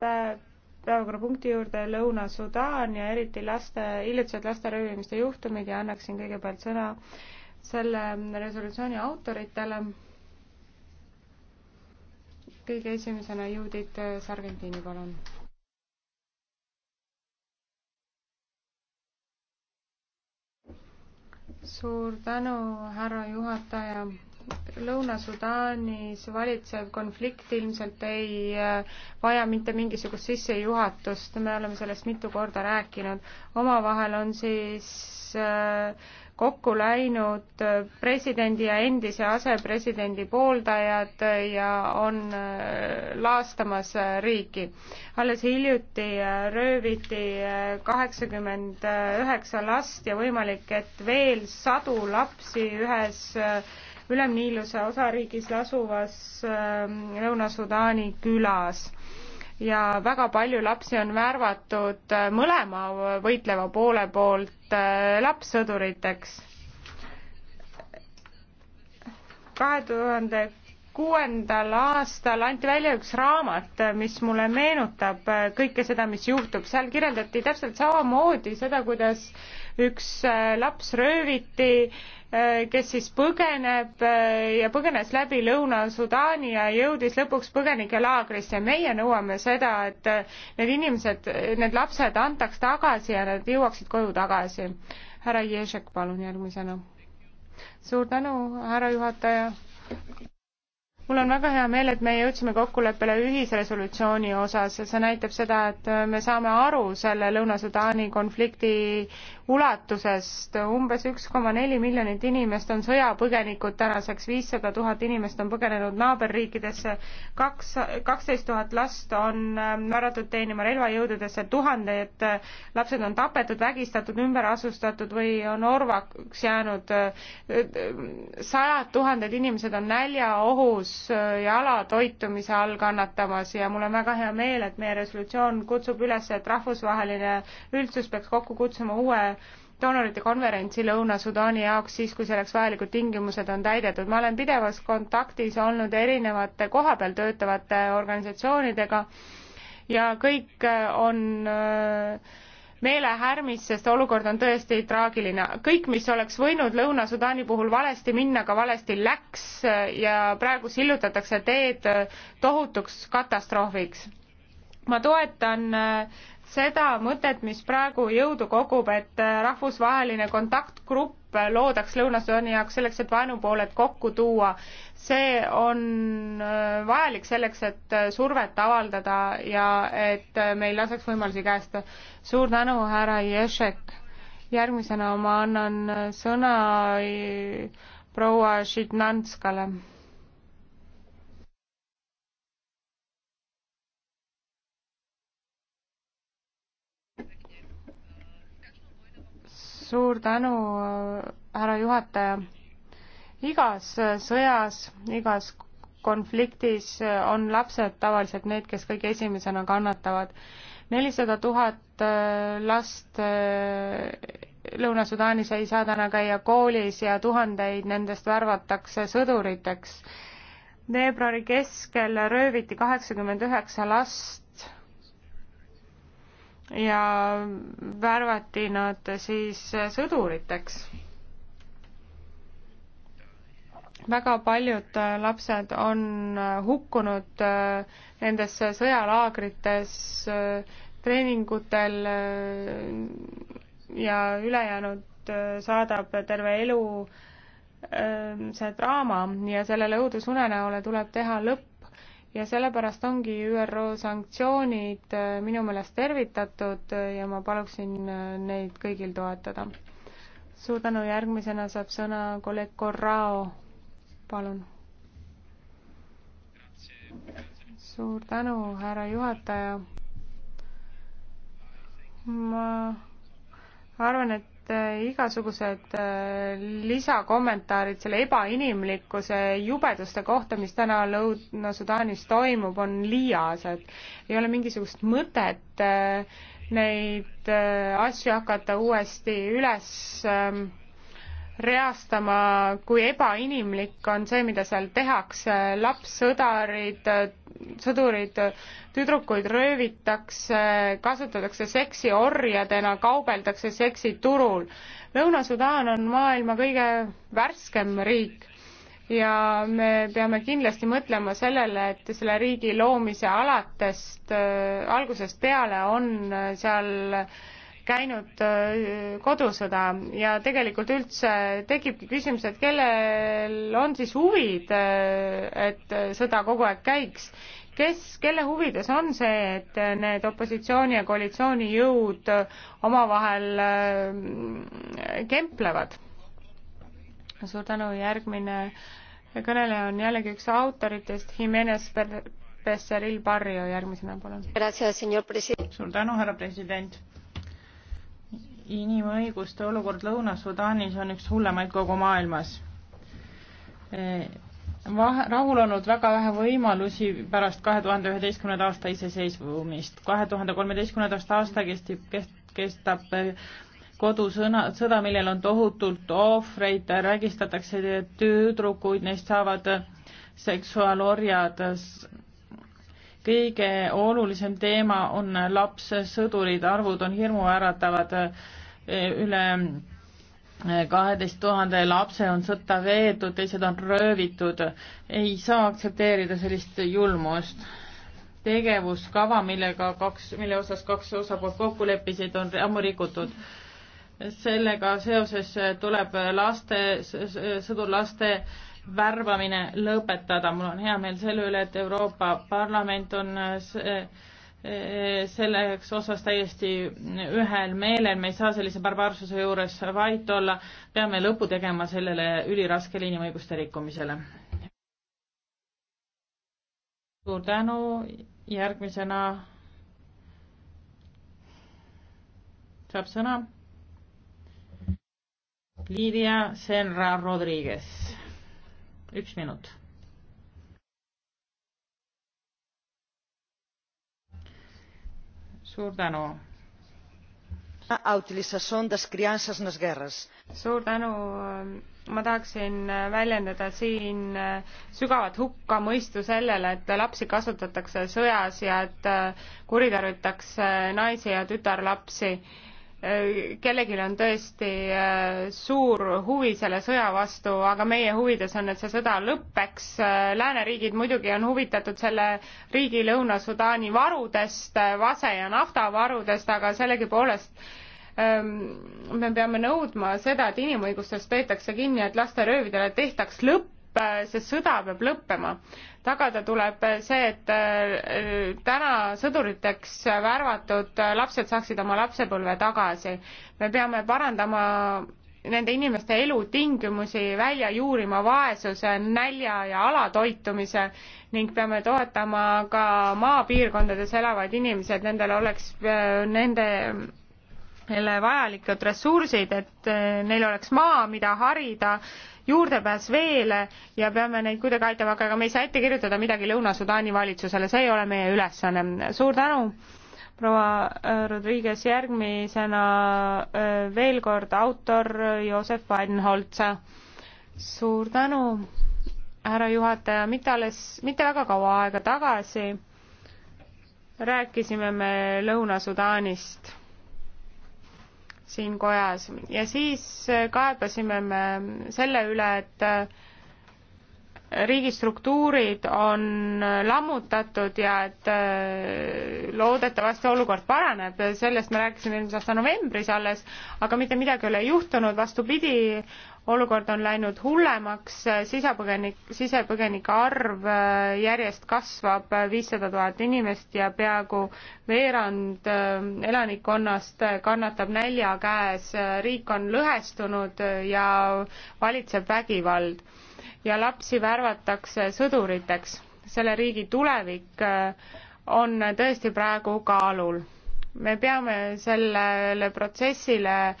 päevakorrapunkti juurde Lõuna-Sudaan ja eriti laste, hiljutised laste röövimiste juhtumid ja annaksin kõigepealt sõna selle resolutsiooni autoritele. kõige esimesena Judith Sargentini, palun. suur tänu, härra juhataja Lõuna-Sudaanis valitsev konflikt ilmselt ei äh, vaja mitte mingisugust sissejuhatust, me oleme sellest mitu korda rääkinud. omavahel on siis äh, kokku läinud äh, presidendi ja endise asepresidendi pooldajad ja on laastamas riiki. alles hiljuti rööviti kaheksakümmend üheksa last ja võimalik, et veel sadu lapsi ühes Ülemniiluse osariigis asuvas ähm, Lõuna-Sudaani külas ja väga palju lapsi on värvatud äh, mõlema võitleva poole poolt äh, lapssõduriteks. kahe tuhande kuuendal aastal anti välja üks raamat, mis mulle meenutab äh, kõike seda, mis juhtub. seal kirjeldati täpselt samamoodi seda, kuidas üks äh, laps rööviti, äh, kes siis põgeneb äh, ja põgenes läbi Lõuna-Sudaani ja jõudis lõpuks põgenikelaagrisse. meie nõuame seda, et need inimesed, need lapsed antaks tagasi ja nad jõuaksid koju tagasi. härra Ježek, palun järgmisena. suur tänu, härra juhataja mul on väga hea meel, et me jõudsime kokkuleppele ühisresolutsiooni osas ja see näitab seda, et me saame aru selle Lõuna-Sudaani konflikti ulatusest. umbes üks koma neli miljonit inimest on sõjapõgenikud tänaseks, viissada tuhat inimest on põgenenud naaberriikidesse, kaks, kaksteist tuhat last on ähm, määratud teenima relvajõududesse, tuhanded äh, lapsed on tapetud, vägistatud, ümber asustatud või on orvaks jäänud. Äh, äh, sajad tuhanded inimesed on näljaohus Äh, jala toitumise all kannatamas ja mul on väga hea meel, et meie resolutsioon kutsub üles, et rahvusvaheline üldsus peaks kokku kutsuma uue doonorite konverentsi Lõuna-Sudaani jaoks siis, kui selleks vajalikud tingimused on täidetud. ma olen pidevas kontaktis olnud erinevate kohapeal töötavate organisatsioonidega ja kõik äh, on äh, meelehärmis, sest olukord on tõesti traagiline. kõik, mis oleks võinud Lõuna-Sudaani puhul valesti minna, ka valesti läks ja praegu sillutatakse teed tohutuks katastroofiks. ma toetan äh, seda mõtet, mis praegu jõudu kogub, et äh, rahvusvaheline kontaktgrupp grupp loodaks Lõuna-Sudaani jaoks selleks, et vaenupooled kokku tuua. see on äh, vajalik selleks, et äh, survet avaldada ja et äh, me ei laseks võimalusi käest. suur tänu, härra Ješek. järgmisena ma annan sõna proua Šitnanskale suur tänu, härra juhataja. igas sõjas, igas konfliktis on lapsed tavaliselt need, kes kõige esimesena kannatavad. nelisada tuhat äh, last äh, Lõuna-Sudaanis ei saa täna käia koolis ja tuhandeid nendest värvatakse sõduriteks. veebruari keskel rööviti kaheksakümmend üheksa last ja värvati nad siis sõduriteks. väga paljud lapsed on hukkunud äh, nendes sõjalaagrites äh, treeningutel äh, ja ülejäänud saadab terve elu see draama ja sellele õudusunenäole tuleb teha lõpp ja sellepärast ongi ÜRO sanktsioonid äh, minu meelest tervitatud äh, ja ma paluksin äh, neid kõigil toetada. suur tänu, järgmisena saab sõna kolleeg Corrao, palun. suur tänu, härra juhataja. ma arvan, et et äh, igasugused äh, lisakommentaarid selle ebainimlikkuse jubeduste kohta, mis täna Lõuna-Sudaanis toimub, on liiased. ei ole mingisugust mõtet äh, neid asju hakata uuesti üles ähm, reastama, kui ebainimlik on see, mida seal tehakse, lapssõdarid, sõdurid, tüdrukuid röövitakse, kasutatakse seksi orjadena, kaubeldakse seksiturul. Lõuna-Sudaan on maailma kõige värskem riik ja me peame kindlasti mõtlema sellele, et selle riigi loomise alatest äh,, algusest peale on seal äh, käinud äh, kodusõda ja tegelikult üldse tekibki küsimus, et kellel on siis huvid, äh, et sõda kogu aeg käiks. kes, kelle huvides on see, et need opositsiooni ja koalitsiooni jõud omavahel äh, kemplevad? suur tänu, järgmine kõneleja on jällegi üks autoritest, Jimenez Becerril Barrio, järgmisena palun. suur tänu, härra president inimõiguste olukord Lõuna-Sudaanis on üks hullemaid kogu maailmas. Eh, Vahe, rahul olnud väga vähe võimalusi pärast kahe tuhande üheteistkümnenda aasta iseseisvumist. kahe tuhande kolmeteistkümnendast aasta kestib, kest-, kestab kodusõna, sõda, millel on tohutult ohvreid, räägistatakse tüdrukuid, neist saavad seksuaalorjad kõige olulisem teema on lapssõdurid, arvud on hirmuäratavad, üle kaheteist tuhande lapse on sõtta veetud, teised on röövitud, ei saa aktsepteerida sellist julmust. tegevuskava, millega kaks, mille osas kaks osapoolt kokku leppisid, on ammu rikutud. sellega seoses tuleb laste, sõdurlaste värbamine lõpetada. mul on hea meel selle üle, et Euroopa Parlament on eh, eh, selleks osas täiesti ühel meelel, me ei saa sellise barbaarsuse juures vait olla, peame lõpu tegema sellele üliraskele inimõiguste rikkumisele. suur tänu, järgmisena saab sõna Lidia Senra Rodriguez üks minut. suur tänu. suur tänu ma tahaksin väljendada siin sügavat hukkamõistu sellele, et lapsi kasutatakse sõjas ja et kuritarvitakse naisi ja tütarlapsi kellelgi on tõesti äh, suur huvi selle sõja vastu, aga meie huvides on, et see sõda lõpeks. Äh, lääneriigid muidugi on huvitatud selle riigi Lõuna-Sudaani varudest, äh, vase ja naftavarudest, aga sellegipoolest ähm, me peame nõudma seda, et inimõigustest peetakse kinni, et lasteröövidele tehtaks lõpp see sõda peab lõppema. tagada tuleb see, et äh, täna sõduriteks värvatud lapsed saaksid oma lapsepõlve tagasi. me peame parandama nende inimeste elutingimusi, välja juurima vaesuse, nälja ja alatoitumise ning peame toetama ka maapiirkondades elavad inimesed, nendel oleks, nende neile vajalikud ressursid, et neil oleks maa, mida harida juurdepääs veele ja peame neid kuidagi aitama, aga ega me ei saa ette kirjutada midagi Lõuna-Sudaani valitsusele, see ei ole meie ülesanne. suur tänu, proua äh, Rodriguez, järgmisena äh, veel kord autor Joosep Weidenholzer. suur tänu, härra juhataja, mitte alles, mitte väga kaua aega tagasi rääkisime me Lõuna-Sudaanist siin kojas ja siis äh, kaebasime me selle üle, et äh, riigistruktuurid on lammutatud ja et äh, loodetavasti olukord paraneb, sellest me rääkisime eelmise aasta novembris alles, aga mitte midagi ei ole juhtunud, vastupidi, olukord on läinud hullemaks, sisepõgenik, sisepõgenike arv äh, järjest kasvab, viissada tuhat inimest ja peaaegu veerand äh, elanikkonnast kannatab nälja käes, riik on lõhestunud ja valitseb vägivald ja lapsi värvatakse sõduriteks. selle riigi tulevik äh, on tõesti praegu kaalul. me peame sellele protsessile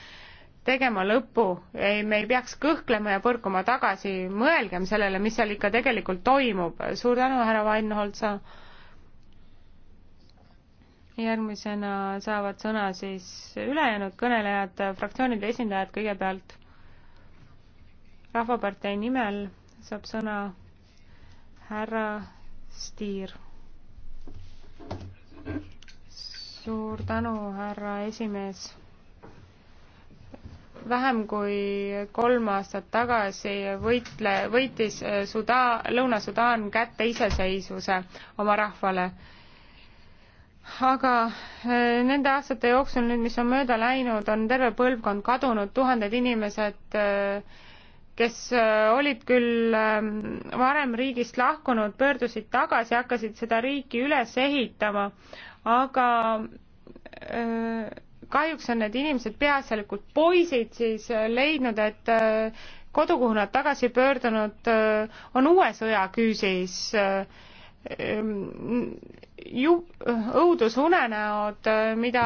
tegema lõpu, ei, me ei peaks kõhklema ja põrkuma tagasi, mõelgem sellele, mis seal ikka tegelikult toimub. suur tänu, härra Vainholtsa. järgmisena saavad sõna siis ülejäänud kõnelejad, fraktsioonide esindajad kõigepealt. rahvapartei nimel saab sõna härra Stier. suur tänu, härra esimees. vähem kui kolm aastat tagasi võitle, võitis Suda-, Lõuna-Sudaan kätte iseseisvuse oma rahvale aga äh, nende aastate jooksul nüüd, mis on mööda läinud, on terve põlvkond kadunud, tuhanded inimesed äh, kes äh, olid küll ähm, varem riigist lahkunud, pöördusid tagasi, hakkasid seda riiki üles ehitama, aga äh, kahjuks on need inimesed, peaasjalikult poisid, siis äh, leidnud, et kodu, kuhu nad tagasi pöördunud, on uue sõja küüsis ju-, õudusunenäod, mida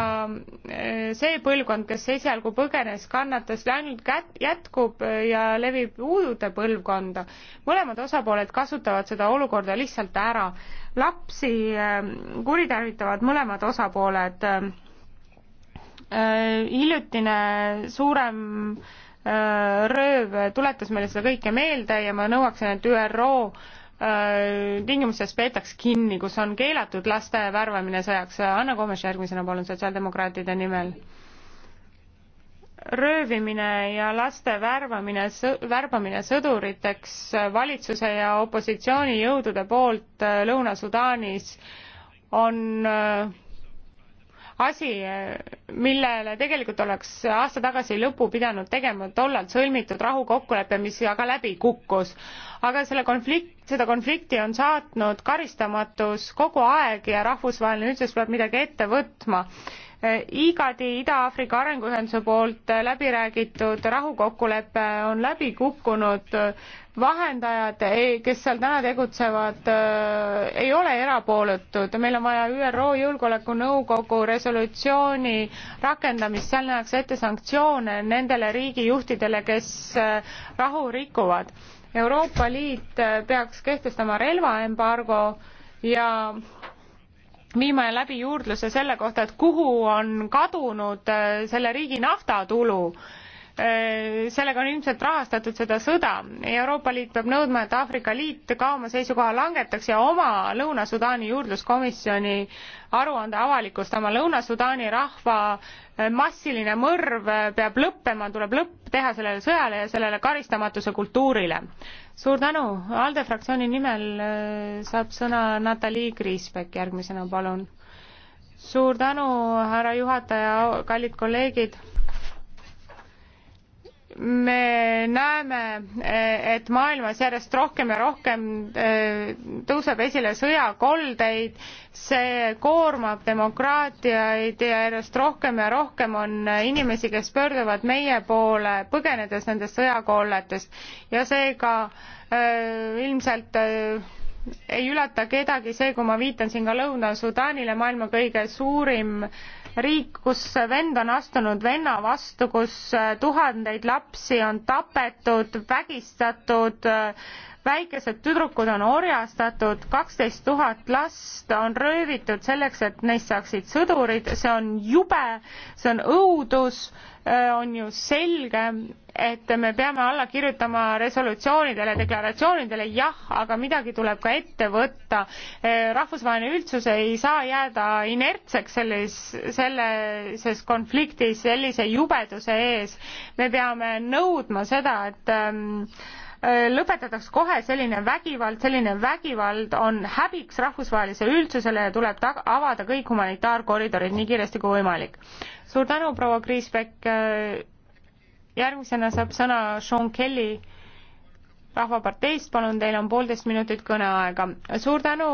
eh, see põlvkond, kes esialgu põgenes, kannatas, ainult kät-, jätkub ja levib uude põlvkonda. mõlemad osapooled kasutavad seda olukorda lihtsalt ära. lapsi eh, kuritarvitavad mõlemad osapooled. Eh, hiljutine suurem rööv tuletas meile seda kõike meelde ja ma nõuaksin, et ÜRO Äh, tingimustes peetaks kinni, kus on keelatud laste värvamine sõjaks. Anna Komes järgmisena palun sotsiaaldemokraatide nimel. röövimine ja laste värvamine, värbamine sõduriteks valitsuse ja opositsioonijõudude poolt äh, Lõuna-Sudaanis on äh, asi, millele tegelikult oleks aasta tagasi lõpu pidanud tegema tollal sõlmitud rahukokkulepe, mis aga läbi kukkus. aga selle konflikti seda konflikti on saatnud karistamatus kogu aeg ja rahvusvaheline üldsus peab midagi ette võtma. Igadi Ida-Aafrika Arenguühenduse poolt läbi räägitud rahukokkulepe on läbi kukkunud, vahendajad, kes seal täna tegutsevad, ei ole erapooletud, meil on vaja ÜRO Julgeolekunõukogu resolutsiooni rakendamist, seal nähakse ette sanktsioone nendele riigijuhtidele, kes rahu rikuvad Euroopa Liit äh, peaks kehtestama relvaembargo ja viima läbi juurdluse selle kohta, et kuhu on kadunud äh, selle riigi naftatulu Äh, sellega on ilmselt rahastatud seda sõda. Euroopa Liit peab nõudma, et Aafrika Liit ka oma seisukoha langetaks ja oma Lõuna-Sudaani juurdluskomisjoni aruande avalikustama. Lõuna-Sudaani rahva äh, massiline mõrv äh, peab lõppema, tuleb lõpp teha sellele sõjale ja sellele karistamatuse kultuurile. suur tänu, ALDE fraktsiooni nimel saab sõna Natalii Kriisbeck järgmisena, palun. suur tänu, härra juhataja, kallid kolleegid me näeme, et maailmas järjest rohkem ja rohkem eh, tõuseb esile sõjakoldeid, see koormab demokraatiaid ja järjest rohkem ja rohkem on inimesi, kes pöörduvad meie poole, põgenedes nendest sõjakolletest ja seega eh, ilmselt eh, ei üllata kedagi see, kui ma viitan siin ka Lõuna-Sudaanile, maailma kõige suurim äh, riik, kus vend on astunud venna vastu, kus äh, tuhandeid lapsi on tapetud, vägistatud, äh, väikesed tüdrukud on orjastatud, kaksteist tuhat last on röövitud selleks, et neist saaksid sõdurid, see on jube, see on õudus Äh, on ju selge, et me peame alla kirjutama resolutsioonidele, deklaratsioonidele, jah, aga midagi tuleb ka ette võtta. Äh, rahvusvaheline üldsus ei saa jääda inertseks selles, sellises konfliktis sellise jubeduse ees. me peame nõudma seda, et ähm, Äh, lõpetataks kohe selline vägivald, selline vägivald on häbiks rahvusvahelisele üldsusele ja tuleb tag-, avada kõik humanitaarkoridorid nii kiiresti kui võimalik. suur tänu, proua Kriisbeck, äh, järgmisena saab sõna Sean Kelly Rahvaparteist, palun, teil on poolteist minutit kõneaega. suur tänu,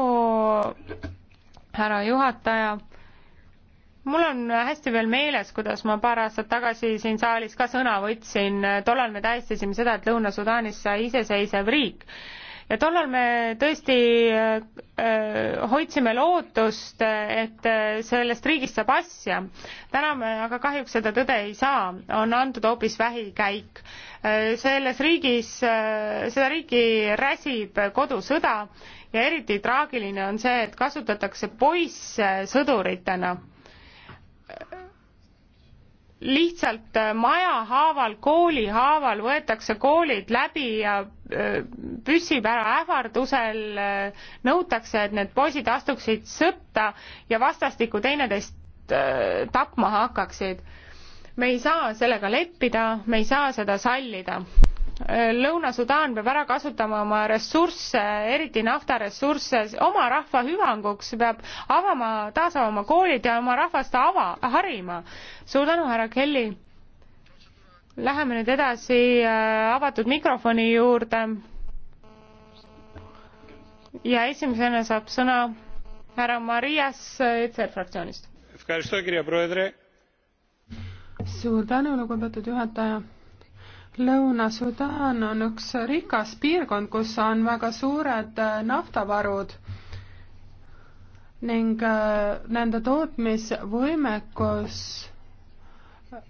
härra juhataja mul on hästi veel meeles, kuidas ma paar aastat tagasi siin saalis ka sõna võtsin, tollal me tähistasime seda, et Lõuna-Sudaanis sai iseseisev riik. ja tollal me tõesti äh, hoidsime lootust, et sellest riigist saab asja. täna me aga kahjuks seda tõde ei saa, on antud hoopis vähikäik. Äh, selles riigis, äh, seda riiki räsib kodusõda ja eriti traagiline on see, et kasutatakse poisse sõduritena lihtsalt äh, maja haaval, kooli haaval võetakse koolid läbi ja äh, püssib ära ähvardusel, äh, nõutakse, et need poisid astuksid sõtta ja vastastikku teineteist tapma hakkaksid. me ei saa sellega leppida, me ei saa seda sallida. Lõuna-Sudaan peab ära kasutama oma ressursse, eriti naftaressursse, oma rahva hüvanguks peab avama, taas avama koolid ja oma rahvast ava, harima. suur tänu, härra Kelly. Läheme nüüd edasi äh, avatud mikrofoni juurde. ja esimesena saab sõna härra Marias äh, ETR fraktsioonist. suur tänu, lugupeetud juhataja Lõuna-Sudaan on üks rikas piirkond, kus on väga suured äh, naftavarud ning äh, nende tootmisvõimekus äh,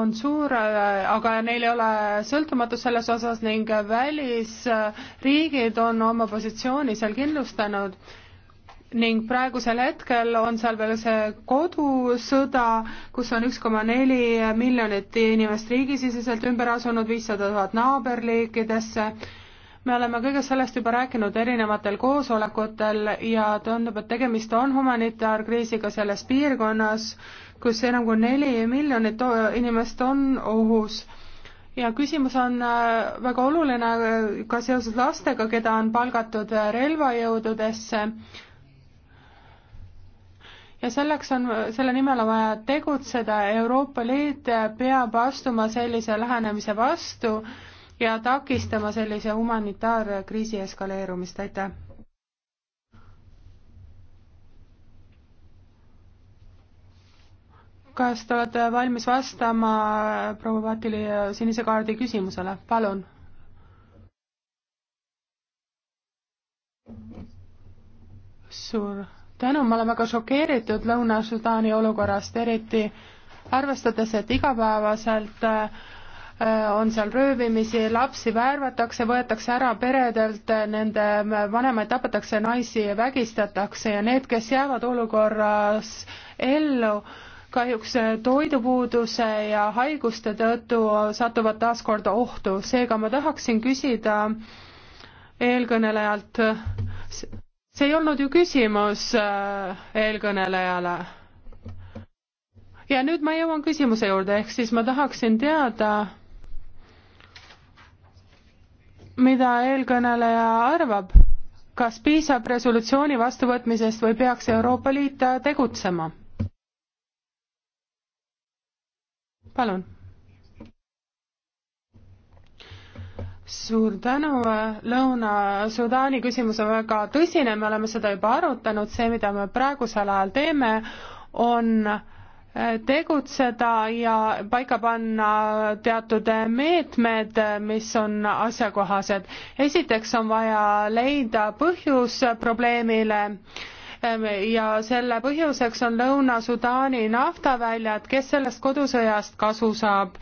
on suur, aga neil ei ole sõltumatus selles osas ning välisriigid on oma positsiooni seal kindlustanud ning praegusel hetkel on seal veel see kodusõda, kus on üks koma neli miljonit inimest riigisiseselt ümber asunud, viissada tuhat naaberriikidesse. me oleme kõigest sellest juba rääkinud erinevatel koosolekutel ja tundub, et tegemist on humanitaarkriisiga selles piirkonnas, kus enam kui neli miljonit inimest on ohus ja küsimus on äh, väga oluline äh, ka seoses lastega, keda on palgatud äh, relvajõududesse ja selleks on, selle nimel on vaja tegutseda, Euroopa Liit peab astuma sellise lähenemise vastu ja takistama sellise humanitaarkriisi eskaleerumist, aitäh! kas te olete valmis vastama proua Patili sinise kaardi küsimusele, palun? suur tänu, me oleme ka šokeeritud Lõuna-Sudaani olukorrast, eriti arvestades, et igapäevaselt äh, on seal röövimisi, lapsi värvatakse, võetakse ära peredelt, äh, nende vanemaid tapetakse, naisi vägistatakse ja need, kes jäävad olukorras ellu, kahjuks äh, toidupuuduse ja haiguste tõttu satuvad taas kord ohtu, seega ma tahaksin küsida eelkõnelejalt see ei olnud ju küsimus äh, eelkõnelejale. ja nüüd ma jõuan küsimuse juurde, ehk siis ma tahaksin teada, mida eelkõneleja arvab, kas piisab resolutsiooni vastuvõtmisest või peaks Euroopa Liit tegutsema? palun suur tänu, äh, Lõuna-Sudaani küsimus on väga tõsine, me oleme seda juba arutanud, see, mida me praegusel ajal teeme, on äh, tegutseda ja paika panna teatud äh, meetmed, mis on asjakohased. esiteks on vaja leida põhjus probleemile ähm, ja selle põhjuseks on Lõuna-Sudaani naftaväljad, kes sellest kodusõjast kasu saab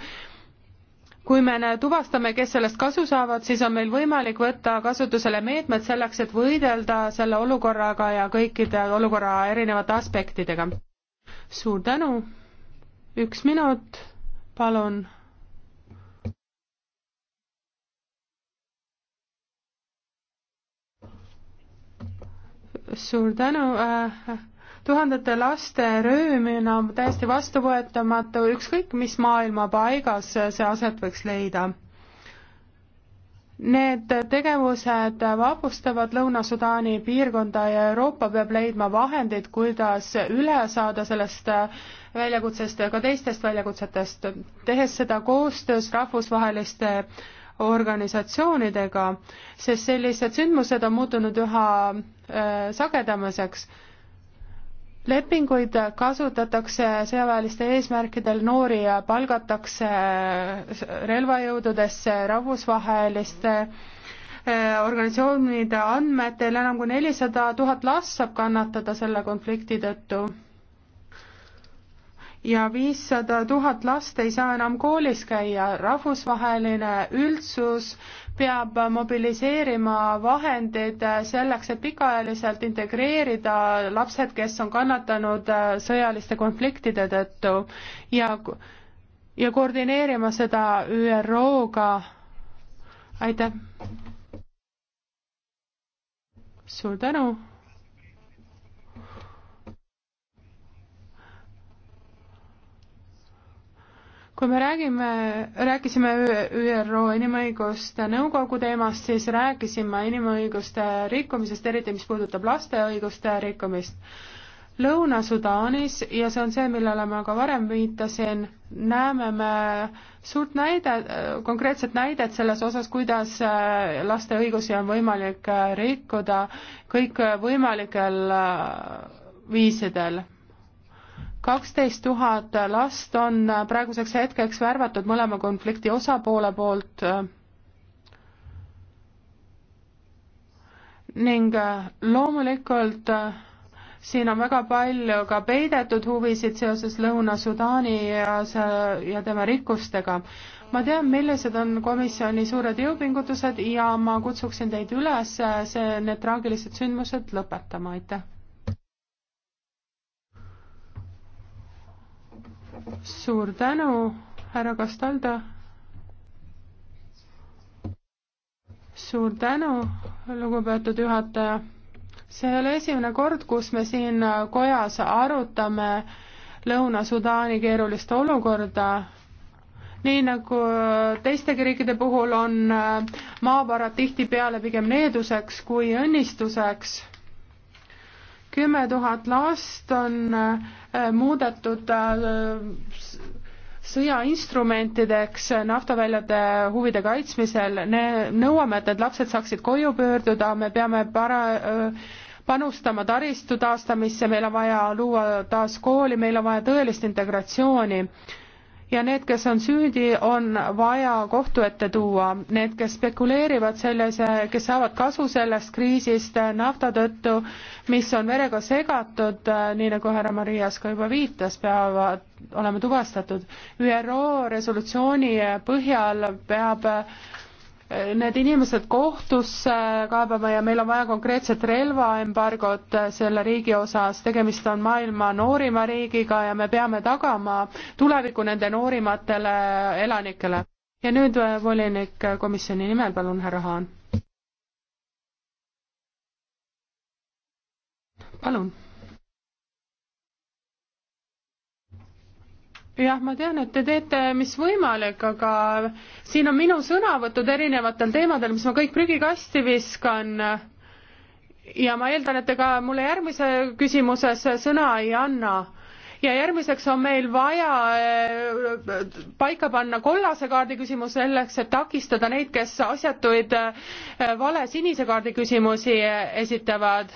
kui me tuvastame, kes sellest kasu saavad, siis on meil võimalik võtta kasutusele meetmed selleks, et võidelda selle olukorraga ja kõikide olukorra erinevate aspektidega. suur tänu, üks minut, palun. suur tänu äh, tuhandete laste röömina täiesti vastuvõetamatu, ükskõik mis maailma paigas see aset võiks leida. Need tegevused vapustavad Lõuna-Sudaani piirkonda ja Euroopa peab leidma vahendeid, kuidas üle saada sellest väljakutsest ja ka teistest väljakutsetest, tehes seda koostöös rahvusvaheliste organisatsioonidega, sest sellised sündmused on muutunud üha äh, sagedamaseks lepinguid kasutatakse sõjaväeliste eesmärkidel, noori palgatakse relvajõududesse rahvusvaheliste äh, organisatsioonide andmetel enam kui nelisada tuhat last saab kannatada selle konflikti tõttu. ja viissada tuhat last ei saa enam koolis käia, rahvusvaheline üldsus peab mobiliseerima vahendid selleks, et pikaajaliselt integreerida lapsed, kes on kannatanud äh, sõjaliste konfliktide tõttu ja, ja koordineerima seda ÜRO-ga. aitäh! suur tänu! kui me räägime, rääkisime ÜRO Inimõiguste Nõukogu teemast, siis rääkisime inimõiguste rikkumisest, eriti mis puudutab laste õiguste rikkumist. Lõuna-Sudaanis ja see on see, millele ma ka varem viitasin, näeme me suurt näide, konkreetset näidet selles osas, kuidas äh, laste õigusi on võimalik äh, rikkuda kõikvõimalikel äh, viisidel kaksteist tuhat last on praeguseks hetkeks värvatud mõlema konflikti osapoole poolt ning loomulikult siin on väga palju ka peidetud huvisid seoses Lõuna-Sudaani ja see ja tema rikkustega. ma tean, millised on komisjoni suured jõupingutused ja ma kutsuksin teid üles see, need traagilised sündmused lõpetama, aitäh! suur tänu, härra Castaldo. suur tänu, lugupeetud juhataja. see ei ole esimene kord, kus me siin kojas arutame Lõuna-Sudaani keerulist olukorda. nii nagu teistegi riikide puhul on maavarad tihtipeale pigem needuseks kui õnnistuseks kümme tuhat last on äh, muudetud äh, sõjainstrumentideks naftaväljade huvide kaitsmisel, nõuame, et need lapsed saaksid koju pöörduda, me peame para-, äh, panustama taristu taastamisse, meil on vaja luua taas kooli, meil on vaja tõelist integratsiooni ja need, kes on süüdi, on vaja kohtu ette tuua. Need, kes spekuleerivad selles, kes saavad kasu sellest kriisist nafta tõttu, mis on verega segatud, nii nagu härra Marias ka juba viitas, peavad olema tuvastatud. ÜRO resolutsiooni põhjal peab need inimesed kohtusse kaebama ja meil on vaja konkreetset relvaembargot selle riigi osas, tegemist on maailma noorima riigiga ja me peame tagama tuleviku nende noorimatele elanikele. ja nüüd äh, volinik äh, komisjoni nimel, palun, härra Haan. palun jah, ma tean, et te teete, mis võimalik, aga siin on minu sõnavõtud erinevatel teemadel, mis ma kõik prügikasti viskan. ja ma eeldan, et te ka mulle järgmise küsimuses sõna ei anna ja järgmiseks on meil vaja eh, paika panna kollase kaardi küsimus selleks, et takistada neid, kes asjatuid eh, vale sinise kaardi küsimusi eh, esitavad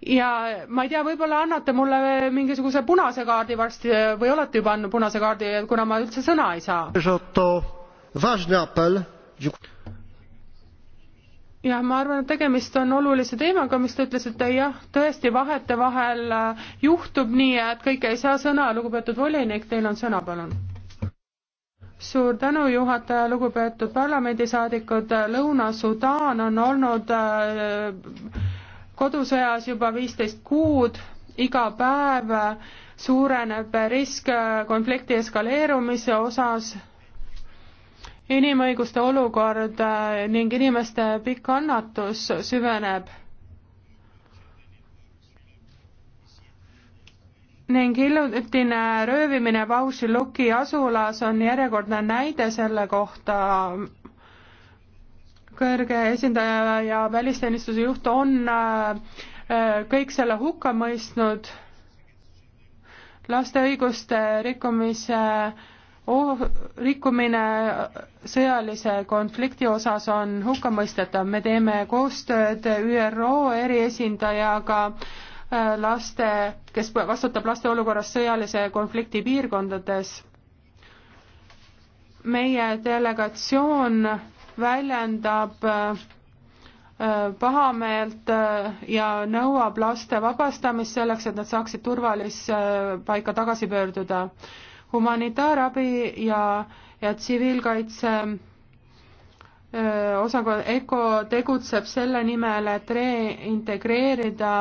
ja ma ei tea, võib-olla annate mulle mingisuguse punase kaardi varsti eh, või olete juba andnud punase kaardi, kuna ma üldse sõna ei saa. jah, ma arvan, et tegemist on olulise teemaga, mis te ütlesite, jah, tõesti vahetevahel eh, juhtub nii, et kõik ei saa sõna, lugupeetud volinik, teil on sõna, palun suur tänu, juhataja, lugupeetud parlamendisaadikud, Lõuna-Sudaan on olnud äh, kodusõjas juba viisteist kuud, iga päev suureneb risk konflikti eskaleerumise osas, inimõiguste olukord ning inimeste pikk kannatus süveneb. ning hiljutine röövimine Paušiluki asulas on järjekordne näide selle kohta, kõrge esindaja ja välisteenistuse juht on äh, äh, kõik selle hukka mõistnud. laste õiguste rikkumise oh,, rikkumine sõjalise konflikti osas on hukkamõistetav, me teeme koostööd ÜRO eriesindajaga äh, laste, kes vastutab laste olukorrast sõjalise konflikti piirkondades. meie delegatsioon väljendab äh, pahameelt äh, ja nõuab laste vabastamist selleks, et nad saaksid turvalisse äh, paika tagasi pöörduda. humanitaarabi ja, ja tsiviilkaitse osakond ECO tegutseb selle nimel, et reintegreerida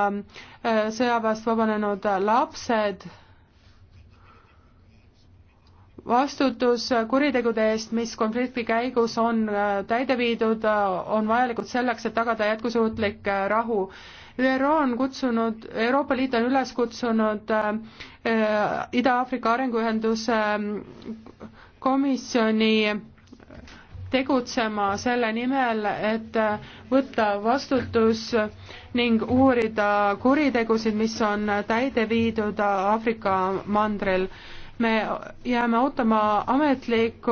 sõjaväest vabanenud lapsed vastutus kuritegude eest, mis konflikti käigus on äh, täide viidud, äh, on vajalikud selleks, et tagada jätkusuutlik äh, rahu. ÜRO on kutsunud, Euroopa Liit on üles kutsunud Ida-Aafrika Arenguühenduse komisjoni tegutsema selle nimel, et võtta vastutus ning uurida kuritegusid, mis on täide viidud Aafrika mandril me jääme ootama ametlikku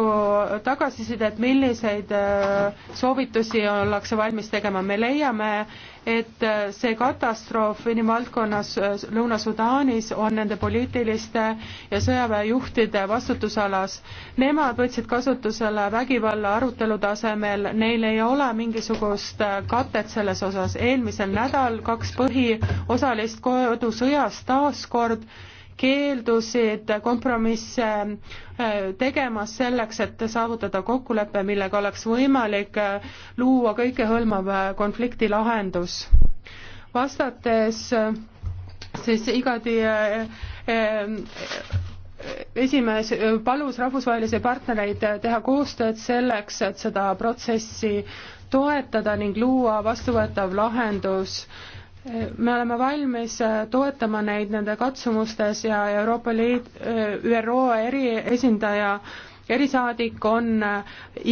tagasisidet, milliseid äh, soovitusi ollakse valmis tegema. me leiame, et äh, see katastroof inimvaldkonnas äh, Lõuna-Sudaanis on nende poliitiliste ja sõjaväejuhtide vastutusalas. Nemad võtsid kasutusele vägivalla arutelu tasemel, neil ei ole mingisugust katet selles osas. eelmisel nädal kaks põhiosalist kodusõjas taas kord keeldusid kompromisse äh, tegemas selleks, et saavutada kokkulepe, millega oleks võimalik äh, luua kõikehõlmav äh, konflikti lahendus. vastates siis igati esimees palus rahvusvahelisi partnereid teha koostööd selleks, et seda protsessi toetada ning luua vastuvõetav lahendus me oleme valmis äh, toetama neid nende katsumustes ja Euroopa Liit, äh, ÜRO eriesindaja erisaadik on äh,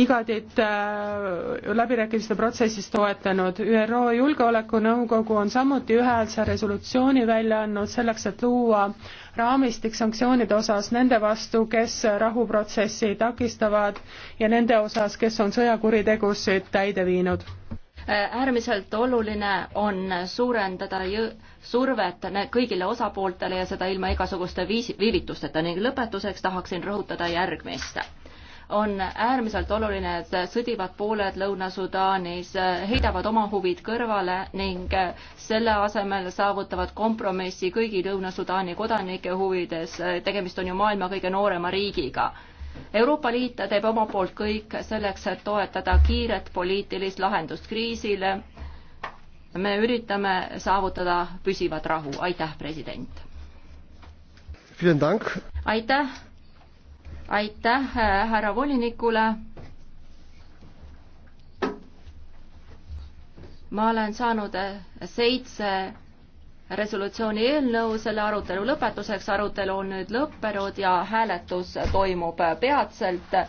Igatit läbirääkimiste protsessis toetanud. ÜRO Julgeolekunõukogu on samuti ühehäälse resolutsiooni välja andnud selleks, et luua raamistik sanktsioonide osas nende vastu, kes rahuprotsessi takistavad ja nende osas, kes on sõjakuritegusid täide viinud Äh, äärmiselt oluline on suurendada survet kõigile osapooltele ja seda ilma igasuguste viisi, viivitusteta ning lõpetuseks tahaksin rõhutada järgmist. on äärmiselt oluline, et sõdivad pooled Lõuna-Sudaanis äh, heidavad oma huvid kõrvale ning äh, selle asemel saavutavad kompromissi kõigi Lõuna-Sudaani kodanike huvides. tegemist on ju maailma kõige noorema riigiga Euroopa Liit teeb oma poolt kõik selleks, et toetada kiiret poliitilist lahendust kriisile. me üritame saavutada püsivat rahu, aitäh, president! aitäh, aitäh härra volinikule. ma olen saanud seitse resolutsiooni eelnõu selle arutelu lõpetuseks. arutelu on nüüd lõppenud ja hääletus toimub peatselt.